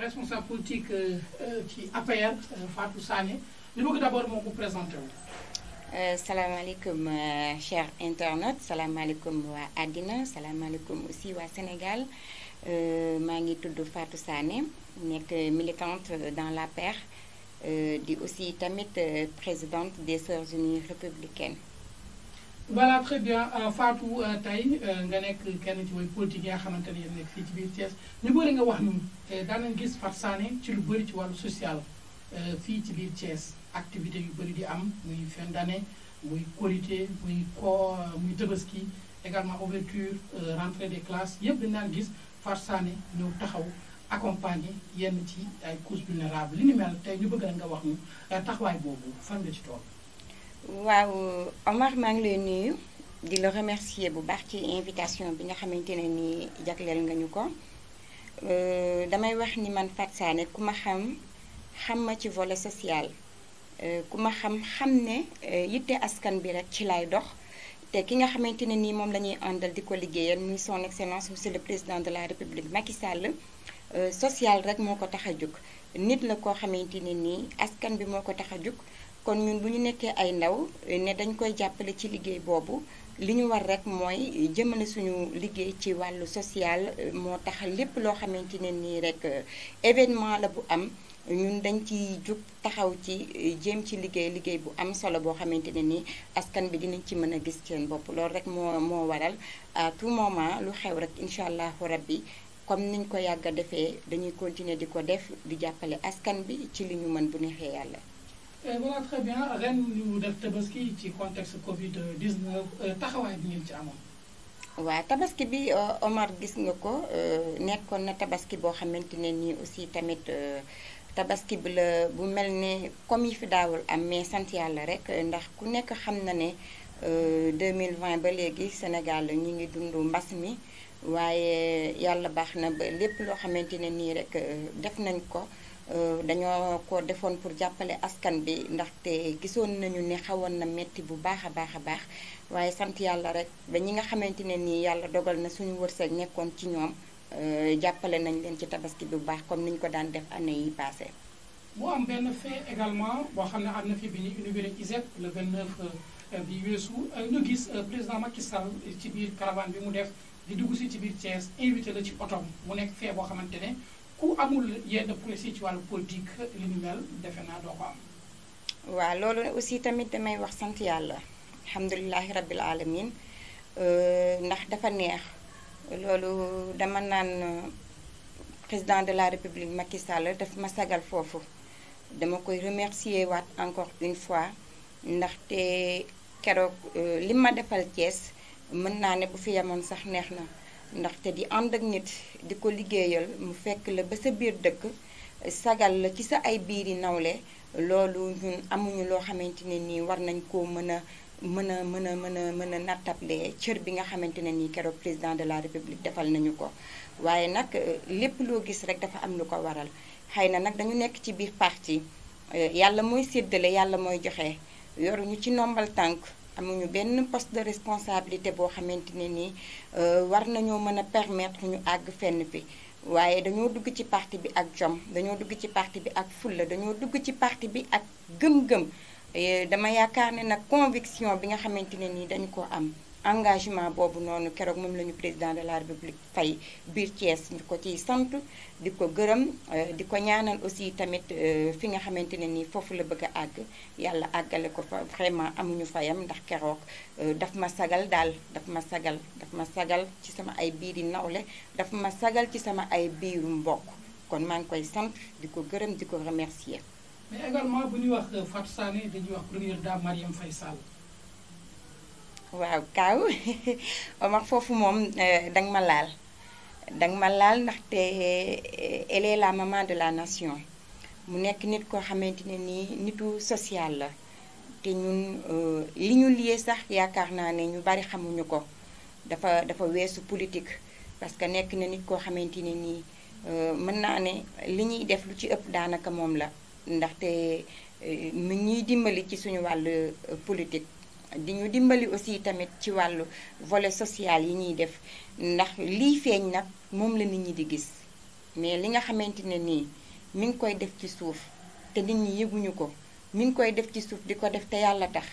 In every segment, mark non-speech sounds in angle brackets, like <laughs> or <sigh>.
responsable politique ci euh, euh, APR euh, Fatou Sané li bëgg d'abord moo ko présenté wu Euh, salaamaaleykum euh, cher internaute salaamaaleykum waa àddina salaamaaleykum aussi waa Sénégal euh, maa ngi tudd Fatou Sané nekk militante dans l'APR di aussi tamit présidente des Sœurs Unies républicaines. voilà très bien Fatou tey nga nekk kenn ci way politique yi nga xamante ne yéen nekk fii ci biir Thiès ñu bëri nga wax ñun daanañ gis Fatou Sané ci lu bëri ci wàllu social fii ci biir Thiès. activité yu bëri di am muy fin d'année muy korité muy ko muy tabaski également ouverture euh, rentrée des classes yëpp dañ daan gis farsaane ñu taxaw accompagner yenn ci ay couches vulnérables li ni mel tey ñu bëgg nga wax ñu euh, taxawaay boobu fan nga ci tool waaw Omar maa ngi lay nuyu di la remercier bu baax ci invitation bi nga xamante ne nii jagleel nga ñu ko euh, damay wax ni man Fatou Sané ku ma xam xam ma ci volet social Euh, ku ma xam xam ne euh, yitte askan bi rek ci lay dox te ki nga xamante ne nii moom la àndal di ko liggéeyal muy son excellence monsieur de président de la république Macky Sall euh, social rek moo ko tax a jóg nit la koo xamante ne nii askan bi moo ko tax a jóg kon ñun bu ñu nekkee ay ndaw ne dañ koy jàppale ci liggéey boobu li ñu war rek mooy jëmale suñu liggéey ci wàllu social moo tax lépp loo xamante ne nii rek événement la bu am ñun dañ ci jug taxaw ci eh, jéem ci liggéey liggéey bu am solo boo xamante ne nii askan bi dinañ ci mën a gis seen bopp loolu rek moo moo waral à tout moment lu xew rek incha allahu rabbi comme niñ ko yàgga defee dañuy continuer di ko def di jàppale askan bi ci li ñu mën bu neexee yàlla. Eh, voilà très bien ren ñu def tabaski ci contexte Covid 19 euh, taxawaay bi ngeen ci amoon. waaw tabaski bi euh, Omar gis nga ko euh, nekkoon na tabaski boo xamante ne nii aussi tamit. tabaski bi la bu mel ne comme yi fi daawul am mais sant yàlla rek ndax ku nekk xam na ne euh, mille 2020 ba léegi Sénégal ñu ngi dund mbas mi waaye yàlla baax na lépp loo xamante ne nii rek euh, def nañ ko euh, dañoo ko defoon pour jàppale askan bi ndaxte gisoon nañu ne xawoon na metti bu baax a baax a baax waaye sant yàlla rek ba ñi nga xamante ne nii yàlla dogal na suñu wërsëg nekkoon ci ñoom Euh, jàppale nañ leen ci tabaski bu baax comme niñ ko daan def année yi passé am benn fait également boo xam ne am na fi bi ñu inauguré ISEP le 29 euh, bi weesu euh, ñu gis président Macky ci biir caravane bi mu def di dugg si ci biir Thiès invité la ci otom mu nekk fee boo xamante ne ku amul yenn procès ci wàllu politique li ñu defe naa doo ko am. waaw loolu aussi tamit damay wax sant yàlla alhamdulilahi rabbil alamin ndax dafa neex. loolu dama naan euh, président de la république Macky Sall daf ma sagal foofu dama koy remercier waat encore une fois ndax ndaxte keroog euh, li ma defal Thiès mën naa ne bu fi yemoon sax neex na ndaxte di ànd ak nit di ko liggéeyal mu fekk la ba sa biir dëkk sagal la ci sa ay biir biiri nawle loolu ñun amuñu loo xamante ne nii war nañ koo mën a mën a mën a mën a mën a nattable cër bi nga xamante ne nii keroog président de la république defal nañu ko waaye nag euh, lépp loo gis rek dafa am lu ko waral xëy na nag dañu nekk ci biir parti euh, yàlla mooy séddale yàlla mooy joxe yoruñu ci nombal tànk amuñu benn poste de responsabilité boo xamante ne nii euh, war nañoo mën a permettre ñu àgg fenn fi waaye dañoo dugg ci parti bi ak jom dañoo dugg ci parti bi ak fulla dañoo dugg ci parti bi ak gëm-gëm dama yaakaar ne nag conviction bi nga xamante ne nii dañu ko am engagement boobu noonu keroog moom lañu président de la république fay biir Thiès ñu ko ciy sant di ko gërëm euh, di ko ñaanal aussi tamit euh, fi nga xamante ne nii foofu la bëgg a àgg yàlla àggale ko fa vraiment amuñu fayam ndax keroog euh, daf ma sagal daal daf ma sagal daf ma sagal ci sama ay biir biiri nawle daf ma sagal ci sama ay biiru mbokk kon maa ngi koy sant di ko gërëm di ko remercier mais également bu ñuy wax euh, Fatou Sané dañuy wax première dame Marième Faye Sall. waaw kaaw <laughs> Omar foofu moom euh, danga ma laal danga ma laal ndaxte euh, elle est la maman de la nation mu nekk nit koo xamante ne nii nitu social la te ñun li ñu liyee sax yaakaar naa ne ñu bari xamuñu ko dafa dafa weesu politique parce que nekk na nit koo xamante ne nii mën naa ne li ñuy def lu ci ëpp daanaka moom la ndaxte euh, mi ñuy dimbali ci suñu wàll euh, politique di ñu dimbali aussi tamit ci wàllu volet sociale yi ñuy def ndax lii feeñ nag moom la nit ñi di gis mais li nga xamante ne nii mu ngi koy def ci suuf te nit ñi yëguñu ko mu ngi koy def ci suuf di ko def te yàlla tax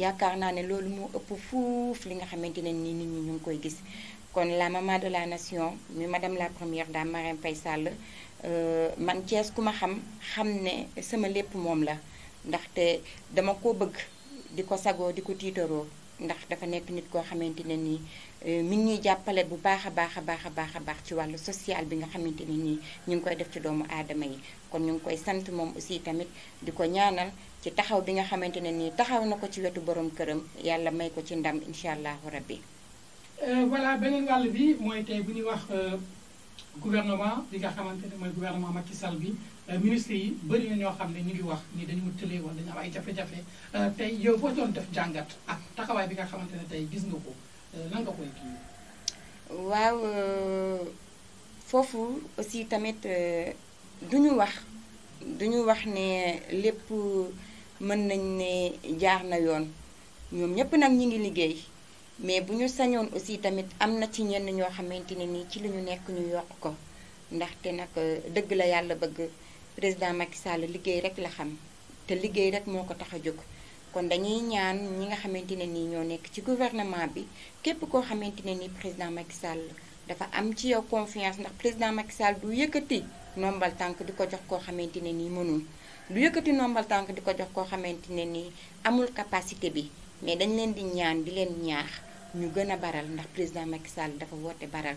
yaakaar naa ne loolu moo ëpp fuuf li nga xamante ne nii nit ñi ñu ngi koy gis kon la maman de la nation mi madame la première dame Marème Faye Sall Euh, man Thiès ku ma xam xam ne sama lépp moom la ndaxte dama ko bëgg di ko sagoo di ko tiitaroo ndax dafa nekk nit koo xamante ne nii euh, mi ngi ñuy jàppale bu baax a baax a baax a baax a baax ci wàllu social bi nga xamante ne nii ñu ngi koy def ci doomu aadama yi kon ñu ngi koy sant moom aussi tamit di ko ñaanal ci taxaw bi nga xamante ne nii taxaw na ko ci wetu boroom këram yàlla may ko ci ndam incha allahu rabbi euh, voilà beneen wàll bi mooy tey bu ñuy wax. gouvernement bi nga xamante ne mooy ma ci Sall bi euh, ministre yi bëri na ñoo xam ne ñu ngi wax ni dañu tëlee woon dañu am ay jafe-jafe euh, tey yow boo doon def jàngat ak taxawaay bi nga xamante ne tey gis nga ko euh, lan koy kii. waaw foofu aussi tamit duñu wax duñu wax ne lépp mën nañ ne jaar na yoon ñoom ñëpp nag ñu ngi liggéey. mais bu ñu sañoon aussi tamit am na ci ñenn ñoo xamante ne nii ci li ñu nekk ñu yokk ko ndaxte nag euh, dëgg la yàlla bëgg président Macky Sall liggéey rek la xam te liggéey rek moo ko tax a jóg kon dañuy ñaan ñi nga xamante ne nii ñoo nekk ci gouvernement bi képp koo xamante ne nii président Macky Sall dafa am ci yow confiance ndax président Macky Sall du yëkkati nombal tànk di ko jox koo xamante ne nii mënul du yëkkati nombal tànk di ko jox koo xamante ne nii amul capacité bi mais dañ leen di ñaan di leen ñaax ñu gën a baral ndax président Macky Sall dafa woote baral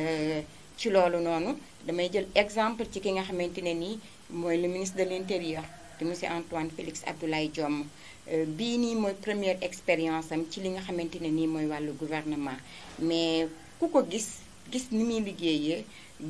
euh, ci loolu noonu damay jël exemple ci ki nga xamante ne nii mooy le ministre de l' intérieur di monsieur Antoine Félix Abdoulaye Diome euh, bii nii mooy première expérience am ci li nga xamante ne nii mooy wàllu gouvernement mais ku ko gis gis ni muy liggéeyee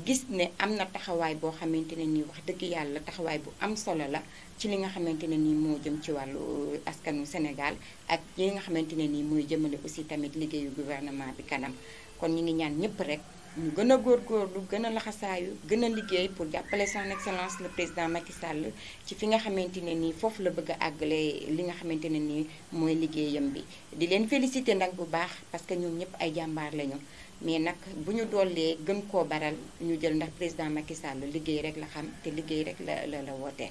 gis ne am na taxawaay boo xamante ne nii wax dëgg yàlla taxawaay bu am solo la ci li nga xamante ne nii moo jëm ci wàllu euh, askanu Sénégal ak yi nga xamante ne nii mooy jëmale aussi tamit liggéeyu gouvernement bi kanam kon ñu ngi ñaan ñëpp rek ñu gën a góor góorgóorlu gën a laxasaayu gën a liggéey pour jàppale son excellence le président Macky Sall ci fi nga xamante ne nii foofu la bëgg a àggale li nga xamante ne nii mooy liggéeyam bi di leen félicité nag bu baax parce que ñoom ñëpp ay jàmbaar lañu mais nag bu ñu dollee gën koo baral ñu jël ndax président Macky Sall liggéey rek la xam te liggéey rek la la la wootee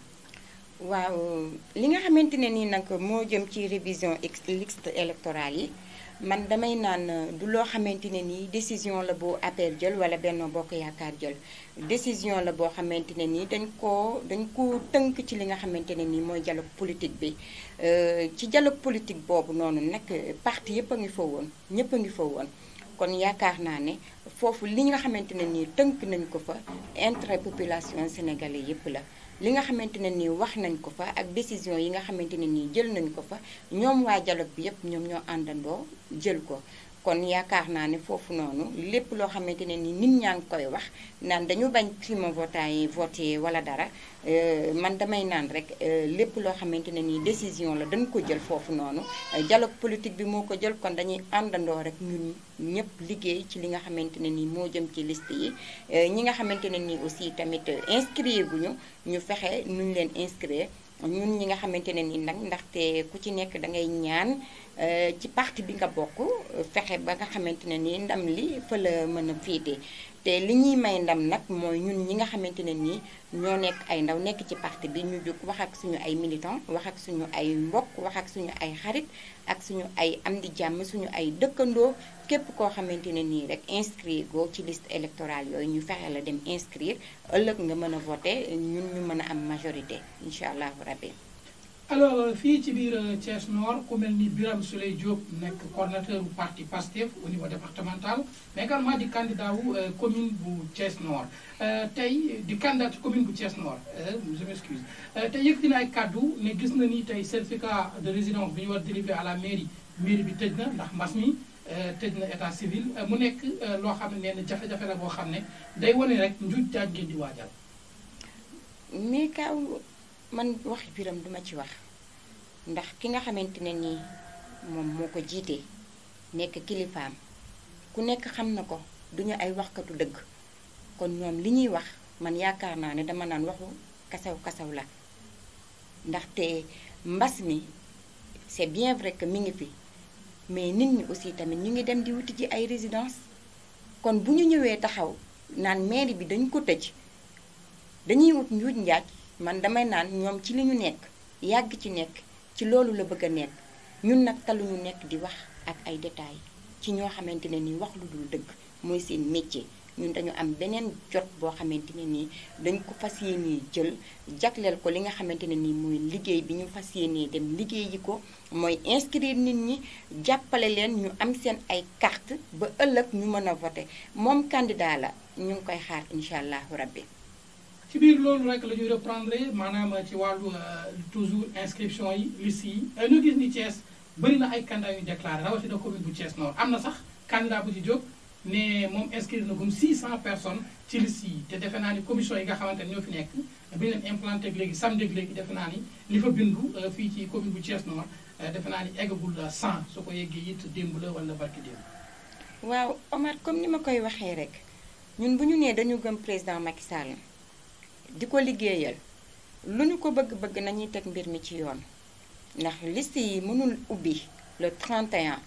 waaw li nga xamante ne nii nag moo jëm ci révision liste électorale yi man damay naan du loo xamante ne nii décision la boo APR jël wala Benno Bokk Yaakaar jël décision la boo xamante ne nii dañ koo dañ ko tënk ci li nga xamante ne nii mooy dialogue politique bi euh, ci dialogue politique boobu noonu nag parti yëpp a ngi fa woon ñëpp a ngi fa woon kon yaakaar naa ne foofu li nga xamante ne nii tënk nañ ko fa intérêt population sénégalais yëpp la li nga xamante ne nii wax nañ ko fa ak décision yi nga xamante ne nii jël nañ ko fa ñoom waa dialogue bi yépp ñoom ñoo àndandoo jël ko kon yaakaar naa ne foofu noonu lépp loo xamante ne ni nit ñaa ngi koy wax naan dañu bañ climat-votant yi voté wala dara euh, man damay naan rek euh, lépp loo xamante ne nii décision la dañ ko jël foofu noonu dialogue politique bi moo ko jël kon dañuy àndandoo rek ñun ñëpp liggéey ci li nga xamante ne nii moo jëm ci liste yi euh, ñi nga xamante ne nii aussi tamit inscrire guñu ñu fexe nuñ leen inscrire ñun ñi nga xamante ne ni nag ndaxte ku ci nekk da ngay ñaan Euh, ci parti bi nga bokk fexe ba nga xamante ne nii ndam li fa la mën a féete te li ñuy may ndam nag mooy ñun ñi nga xamante ne nii ñoo nekk ay ndaw nekk ci parti bi ñu jóg wax ak suñu ay militant wax ak suñu ay mbokk wax ak suñu ay xarit ak suñu ay am di jàmm suñu ay dëkkandoo képp koo xamante ne nii rek inscrire go ci liste électorale yooyu ñu fexe la dem inscrire ëllëg nga mën a voter ñun ñu mën a am majorité incha allahu rabbi alors euh, fii ci biir euh, Thiès Nord ku mel ni Birame Souleye Diop nekk coordonnateur bu parti PASTEF au niveau départemental mais également di candidat wu euh, commune bu Thiès Nord tey di candidat ci commune bu Thiès Nord je m'excuse tey yëkkati na ay kaddu ne gis na ni tey certificat de résidence bi ñu war délivré à la mairie mairie bi tëj na ndax mbas mi tëj na état civil mu nekk loo xam ne ne jafe-jafe la boo xam ne day wane rek njuuj jaaj ngeen di waajal. man wax biram duma ci wax ndax ki nga xamante ne nii moom moo ko jiitee nekk kilifaam ku nekk xam na ko duñu ay waxkatu dëgg kon ñoom li ñuy wax man yaakaar naa ne dama naan waxu kasaw kasaw la ndaxte mbas mi c'est bien vrai que mi ngi fi mais nit ñi aussi tamit ñu ngi dem di wuti ci ay résidence kon bu ñu ñëwee taxaw naan mairie bi dañ ko tëj dañuy wut njuuj njaaj man damay naan ñoom ci li ñu nekk yàgg ci nekk ci loolu la bëgg a nekk ñun nag taluñu nekk di wax ak ay détails ci ñoo xamante ne ni wax lu dul dëgg mooy seen métier ñun dañu am beneen jot boo xamante ne nii dañ ko fas yéenee jël jagleel ko li nga xamante ne nii mooy liggéey bi ñu fas yéenee dem liggéey yi ko mooy inscrire nit ñi jàppale leen ñu am seen ay kart ba ëllëg ñu mën a voter moom candidat la ñu ngi koy xaar incha allahu rabbi ci biir loolu rek la ñuy reprendre maanaam ci wàllu euh, toujours inscription yi liste yi euh, ñu gis ni Thiès bëri na ay candidat yu déclaré rawatina commune bu Thiès Nord am na sax candidat bu ci jóg ne moom inscrire na gum 600 personnes ci liste yi te defe naa ni commission yi nga xamante ne ñoo fi nekk bi ñu leen implanté léegi samedi léegi defe naa ni li fa bindu euh, fii ci commune bu Thiès Nord defe naa ni eggagul 100 soo ko yeggee it démb la wala barki démb. waaw Omar comme ni ma koy rek ñun bu ñu nee dañu gëm président Macky Sall. di ko liggéeyal lu ñu ko bëgg-bëgg nañuy teg mbir mi ci yoon ndax liste yi mënul ubbi le 31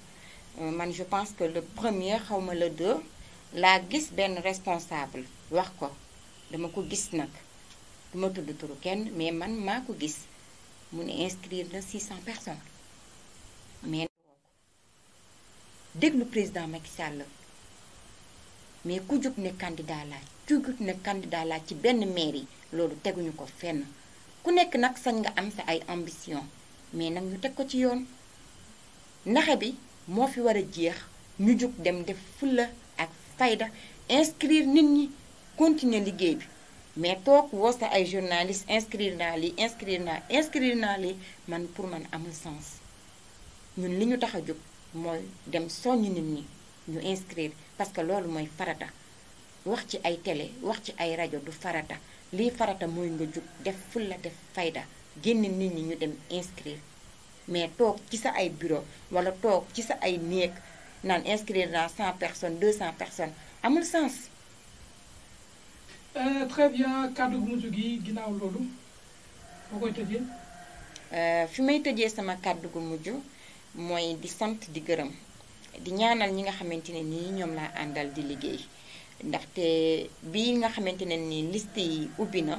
euh, man je pense que le premier xawma le deux laa gis benn responsable wax ko dama ko gis nag duma tudd turu kenn mais man maa ko gis mu ne inscrire na 600 personnes mais déglu président Macky Sall mais ku jug ne candidat laa ku ne candidat laa ci benn maire yi loolu teguñu ko fenn ku nekk nag sañ nga am sa ay ambition mais nag ñu teg ko ci yoon naxe bi moo fi war a jeex ñu jug dem def fulla ak fayda inscrire nit ñi continuer liggéey bi mais toog woo sa ay journaliste inscrire naa lii inscrire naa inscrire naa lii man pour man amul sens ñun li ñu tax a jóg mooy dem soññ nit ñi ñu inscrire parce que loolu mooy farata wax ci ay télé wax ci ay rajo du farata lii farata mooy nga jug def fulla def fayda génn nit ñi ñu dem inscrire mais toog ci sa ay bureau wala toog ci sa ay néeg naan inscrire naa 100 personnes 200 personnes amul sens. Euh, très bien kàddu gu mujj gi ginnaaw loolu boo koy tëjee. Euh, fi may tëjee sama kàddu gu mujj mooy di sant di gërëm. di ñaanal ñi nga xamante ne nii ñoom laa àndal di liggéey ndaxte bii nga xamante ne nii liste yi ubbi na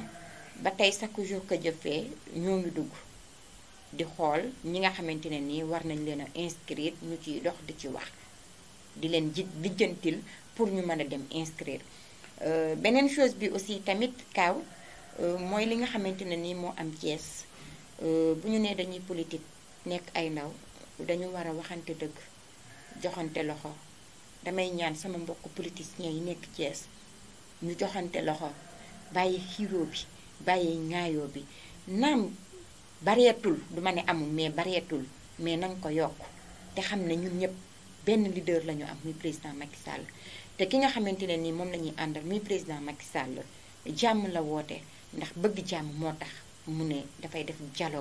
ba tey chaque jour que jëfee ñoo dugg di xool ñi nga xamante ne nii war nañ leen a inscrire ñu ciy dox di ci wax di leen ji lijjantil pour ñu mën a dem inscrire euh, beneen chose bi aussi tamit kaaw euh, mooy li nga xamante ne nii moo am Thiès euh, bu ñu nee dañuy politique nekk ay ndaw dañu war a waxante dëgg joxante loxo damay ñaan sama mbokk politiciens yi nekk Thiès ñu joxante loxo bàyyi xiiroo bi bàyyi ñaayoo bi naam bareetul du ma ne amul mais bareetul mais nanga ko yokk te xam ne ñun ñëpp benn leader la ñu am muy président Macky Sall te ki nga xamante ne ni moom la ñuy àndal muy président Macky Sall jàmm la woote ndax bëgg jàmm moo tax mu ne dafay def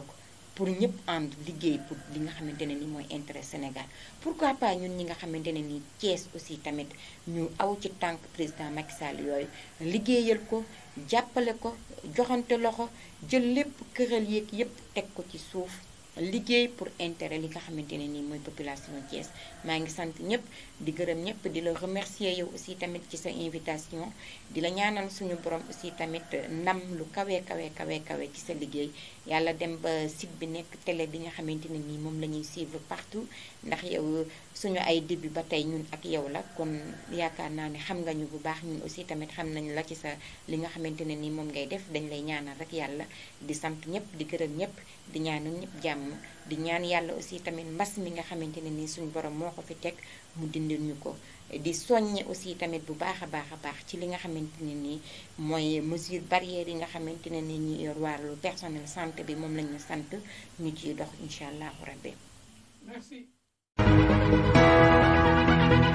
ko pour ñëpp ànd liggéey pour li nga xamante ne ni mooy intérêt Sénégal pourquoi pas ñun ñi nga xamante ne ni Thiès aussi tamit ñu aw ci tànk président Macky Sall yooyu liggéeyal ko jàppale ko joxante loxo jël lépp këral yeeg yépp teg ko ci suuf liggéey pour intéret li nga xamante ne nii mooy population Thiès maa ngi sant ñëpp di gërëm ñëpp di la remercier yow aussi tamit ci sa invitation di la ñaanal suñu borom aussi tamit ndam lu kawe kawe kawe kawe ci sa liggéey yàlla dem ba site bi nekk télé bi nga xamante ne nii moom la ñuy suivre partout ndax yow. suñu ay début ba tey ñun ak yow la kon yaakaar naa ne xam nga ñu bu baax ñun aussi tamit xam nañu la ci sa li nga xamante ne ni moom ngay def dañ lay ñaanal rek yàlla di sant ñëpp di gërëm ñëpp di ñaanal ñëpp jàmm di ñaan yàlla aussi tamit mbas mi nga xamante ne ni suñu borom moo ko fi teg mu dindil ñu ko di soññe aussi tamit bu baax a baax a baax ci li nga xamante ne nii mooy mesure barrière yi nga xamante ne ni ñu yor wàllu personnel santé bi moom lañu sant ñu ciy dox incha allahu rabbi thank you